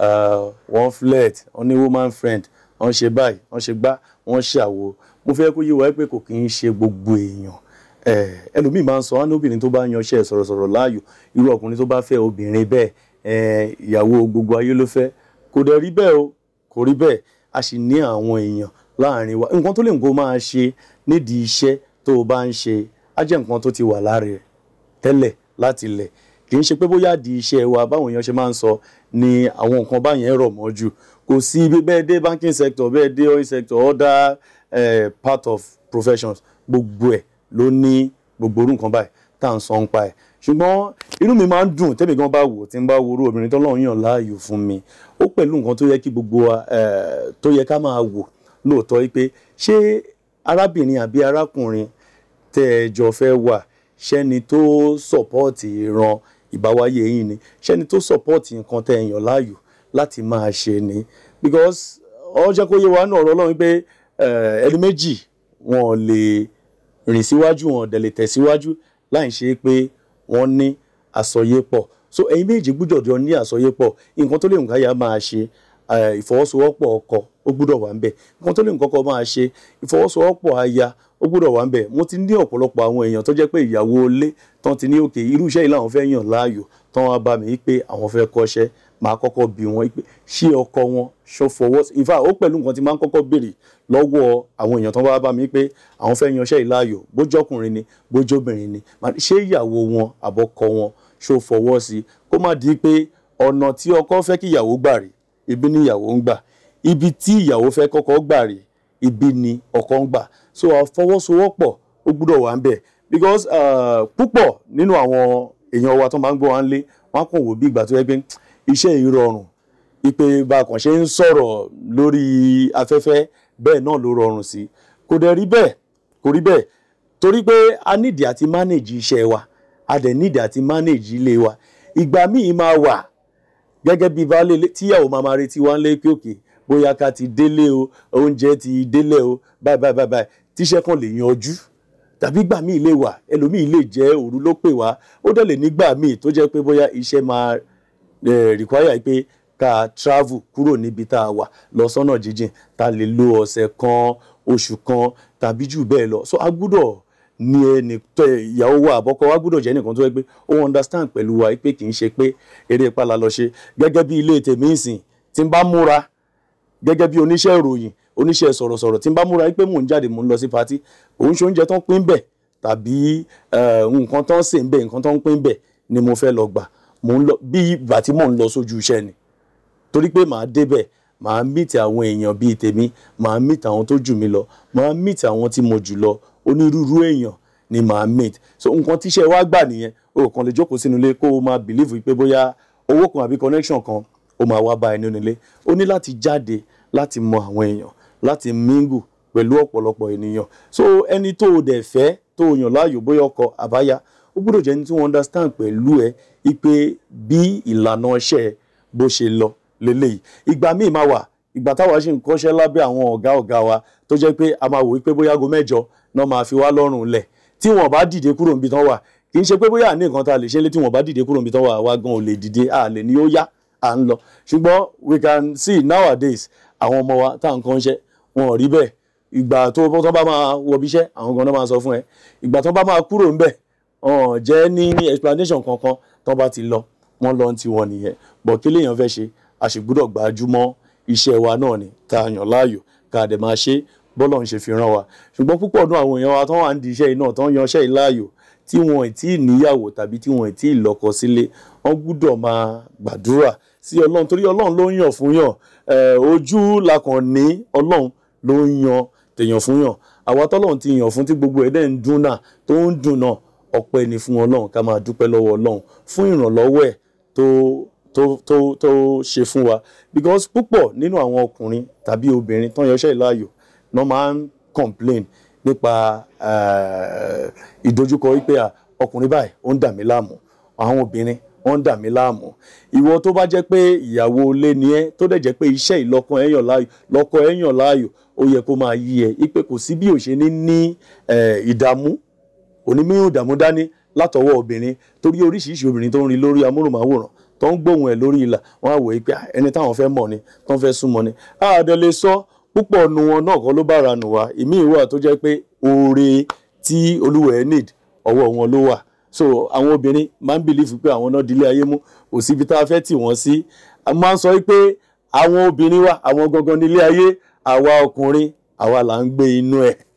wọ́n uh, flirt wọ́n ní woman friend wọ́n ṣe báyìí wọ́n ṣe gbá wọ́n ṣe àwo mo fẹ́ kó yé wa pé kò kì í ṣe gbogbo èèyàn ẹlòmíì máa ń sọ wọn obìnrin tó bá yanṣẹ́ sọ̀rọ̀sọ̀rọ̀ láàyò irú ọkùnrin tó bá fẹ́ obìnrin bẹ́ẹ̀ ìyàwó gbogbo ayé ló fẹ́ kò dẹ̀ rí bẹ́ẹ̀ o kò rí bẹ́ẹ̀ a sì ní àwọn èèyàn láàrin wa nǹkan tó lè nǹkó máa ṣe nídìí iṣẹ́ tó o bá ń ṣe á jẹ́ nǹkan tó ti wà lára rẹ̀ tẹ́lẹ̀ láti lẹ̀ kì í ṣe pé bóyá di iṣẹ́ wa báwọn èèyàn ṣe máa ń sọ ni àwọn nǹkan báyẹn rọ̀ mọ́ jù kò sí bẹ́ẹ̀ dé banking sector bẹ́ẹ̀ dé oil sector other uh, part of professions gbogbo ẹ̀ ló ní gbogbo orú nǹkan báyìí tá à ń sọ ń pa ẹ̀ ṣùgbọ́n inú mi máa ń dùn tẹ́mi gan bá wò tí ń bá worú obìnrin tọ́lọ́run yàn láàyò fún mi ó pẹ̀lú nǹkan tó yẹ kí gbogbo wa eh, tó yẹ ká máa wò lóòótọ́ pé ṣé arábìnrin àbí arákùnrin tẹ́ ẹ jọ fẹ́ wà ṣẹ́ni tó sọ̀pọ́ọ̀tì ìran ìbáwáyé yín ni ṣẹ́ni tó support nǹkan tẹ́ ẹ̀ yàn láàyò láti máa ṣe ni because ọjọ́ kó yé wa náà ọ̀rọ̀ ọlọ́run pé eh, ẹni méjì wọn ò lè rìn síwájú wọn ò dẹ̀ lè tẹ̀síwájú láì ṣe pé wọ́n ní àsọyépọ̀ so ẹ̀yin méjì gbúdọ̀ jọ ní àsọyépọ̀ nǹkan tó lè nǹkan yà máa ṣe ìfọwọ́sowọ́pọ̀ ọkọ ó gbúdọ̀ wà ń bẹ̀ nǹkan tó lè nǹkan kan máa ṣe ìfọwọ́sowọ́pọ̀ aya ó gbúdọ̀ wà ń bẹ̀ mo ti ní ọ̀pọ̀lọpọ̀ àwọn èèyàn tó jẹ́ pé ìyàwó ilé tán ti ní òkè irú iṣẹ́ yìí làwọn fẹ́ yàn láàyò tán wá bá mi pé àwọn fẹ́ kọ́ṣẹ́ máa kọ́kọ́ bi wọn pé ṣé ọkọ wọn ṣó fọwọ́ in fact ó pẹ̀lú nǹkan tí máa ń kọ́kọ́ béèrè lọ́wọ́ àwọn èèyàn tán bá bá mi pé àwọn fẹ́ yan iṣẹ́ yìí láàyò bójọ́kùnrin ni bójóbìnrin ni ṣé ìyàwó wọn àbọ̀kọ wọn ṣó fọwọ́ sí kó má di pé ọ̀nà tí ọkọ fẹ́ kí ìyàwó gbà rèé ibi ni ìyàwó ń gbà ibi tí ìyàwó fẹ́ kọ́kọ́ gbà rè ibi ni ọkọ ń gbà so àfọwọ́sowọ́pọ̀ ó gbúdọ̀ wà ń bẹ̀ because uh, púpọ̀ nínú àwọn èèyàn wa tó máa ń gbọ́ wa ń lé wọn kàn wò bí ìgbà tó yẹ pé iṣẹ́ ìrọ̀rùn ìpè bákan ṣe ń sọ̀rọ̀ lórí afẹ́fẹ́ bẹ́ẹ̀ náà ló rọrùn sí kò dẹ̀ rí bẹ́ẹ̀ kò rí bẹ́ẹ̀ torí pé a nídìí àti manage iṣẹ́ wa a dẹ̀ nídìí àti manage ilé wa ìgbà míì máa wà gẹ́gẹ́ bí baálé tíyàwó máa ma retí wá ń lé pé òkè bóyá ká ti délé o oúnjẹ ti délé o báyìí báyìí báyìí tíṣẹ́ kan lè yanjú tàbí gbà míì lè wà ẹlòmíì lè jẹ́ òru ló pè wá ó dẹ̀ lè nígbà míì tó jẹ́ pé bóyá iṣẹ́ máa require pé ká travel kúrò níbi tá a wà lọ sọ́nà jíjìn tá a lè lo ọ̀sẹ̀ kan oṣù kan tàbí jù bẹ́ẹ̀ lọ so a gbúdọ̀ ni ẹni tó ìyàwó wa àbọ́kọ wa gbọ́dọ̀ jẹ́ nìkan tó yẹ pé ó understand pẹ̀lú wa pé kì í ṣe pé eré pala lọ ṣe gẹ́gẹ́ bí ilé tèmi ìsìn tí n bá múra gẹ́gẹ́ bí oníṣẹ́ ìròyìn oníṣẹ́ sọ̀rọ̀sọ̀rọ̀ tí n bá múra pé mò ń jáde mò ń lọ sí patí òun ṣe oúnjẹ tó ń pín bẹ̀ tàbí nǹkan tó ń sè ń bẹ̀ nǹkan tó ń pín bẹ̀ ni mo fẹ́ lọ gbà mò ń lọ bí ìgbà tí mò ń lọ sójú iṣẹ́ ni torí pé màá débẹ̀ màá mìtì àwọn èèyàn bíi tèmi màá mìtì àwọn tó jù mí lọ màá mìtì àwọn tí mo jù lọ onírúurú èèyàn ni màá so nǹkan tíṣẹ́ wa gbà nìyẹn o kàn lè jókòó sínú ilé kó o máa believe wípé bóyá owó kan àbí connection kan o máa wá bá ẹni onílé o ní láti jáde láti mọ àwọn èèyàn láti mingle pẹ̀lú ọ̀pọ̀lọpọ̀ ènìyàn so ẹni tó o dẹ̀ fẹ́ tó o yàn láàyò bóyá ọkọ àbáyá ó gbọ́dọ̀ jẹ́ ẹni tí wọ́n understand pẹ̀lú ẹ ipe bí ìlànà iṣẹ́ bó ṣe lọ lélẹ́yìí ìgbà míì máa wà ìgbà táwa ṣì ń kọ́ṣẹ́ lábẹ́ àwọn ọ̀gá ọ̀gá wa tó jẹ́ pé a máa wò wípé bóyá aago mẹ́jọ náà máa fi wá lọ́rùn lẹ̀ tí wọ́n bá dìde kúrò níbi tán wà kì í ṣe pé bóyá àní nǹkan tá a lè ṣe lé tí wọ́n bá dìde kúrò níbi tán wà wá gan ò lè dìde a lè ní ó yá à ń lọ ṣùgbọ́n we can see nowadays àwọn ọmọ wa tá à ń kọ́ṣẹ́ wọn ò rí bẹ́ẹ̀ ìgbà tó tán bá máa wọbi iṣẹ́ àwọn gan máa sọ fún ẹ ìgbà tán bá máa kúrò ńbẹ̀ jẹ́ ní explanation kankan tán bá ti lọ wọ́n lọ ń tiwọn nìyẹn bọ̀ kí lèèyàn fẹ́ ṣe a sì gbúdọ̀ iṣẹ́ wa náà ni tá a yàn láàyò ká a dẹ̀ máa ṣe bọ́lọ̀ ń ṣe fi rán wa ṣùgbọ́n púpọ̀ nú àwọn èèyàn wa tán wà ń di iṣẹ́ yìí náà tán yan iṣẹ́ yìí láàyò tí wọn ì tí ì níyàwó tàbí tí wọn ì tí ì lọ́kọ sílé wọn gbúdọ̀ máa gbàdúrà sí ọlọ́run torí ọlọ́run ló ń yàn fún yàn ojú làkàn ní ọlọ́run ló ń yan tèèyàn fún yàn àwa tọ́lọ́run ti yàn fún tí gbogbo ẹ̀dẹ́ ń dún náà tó ń dùn náà ọpẹ́ ni fún ọlọ́run ká máa dúpẹ́ lọ́wọ́ ọlọ́run fún ìrànlọ́wọ́ ẹ̀ tó tó tó tó ṣe fún wa because púpọ̀ nínú àwọn ọkùnrin tàbí obìnrin tó ń yọṣẹ́ ìláyò náà máa ń complain nípa eh, ìdojúkọ wípé ọkùnrin báyìí ó ń dà mí láàmú àwọn obìnrin wọ́n ń dà mí láàmú ìwọ tó bá jẹ́ pé ìyàwó ilé ni ẹ́ tó dẹ̀ jẹ́ pé iṣẹ́ ìlọ́kọ ẹ̀yàn láàyò lọ́kọ ẹ̀yàn láàyò ó yẹ kó máa yí ẹ ipe kò sí bí ò ṣe ní ní eh, ìdààmú onímọ̀ ìdààmú dání látọwọ́ obìnrin torí oríṣiríṣi obìnrin tó ń rin lórí amóhùnmáwòrán tó ń gbóhùn ẹ̀ lórí ìlà wọ́n á wò pé ah, ẹni táwọn fẹ́ mọ̀ ni tó ń fẹ́ súnmọ́ ni àádọ́ lè sọ púpọ̀ nu wọn náà kọ́ ló bá ra nù wá ìmí ìwà tó jẹ́ pé oore tí olúwa ẹ̀ need ọwọ́ wọn ló wà so àwọn obìnrin máa ń bìlífù pé àwọn náà dilé ayé mú kò síbi tá a fẹ́ tì wọ́n sí máa ń sọ pé àwọn obìnrin wa àwọn gangan nílé ayé àwa ọkùnrin àwa là ń gbé inú ẹ̀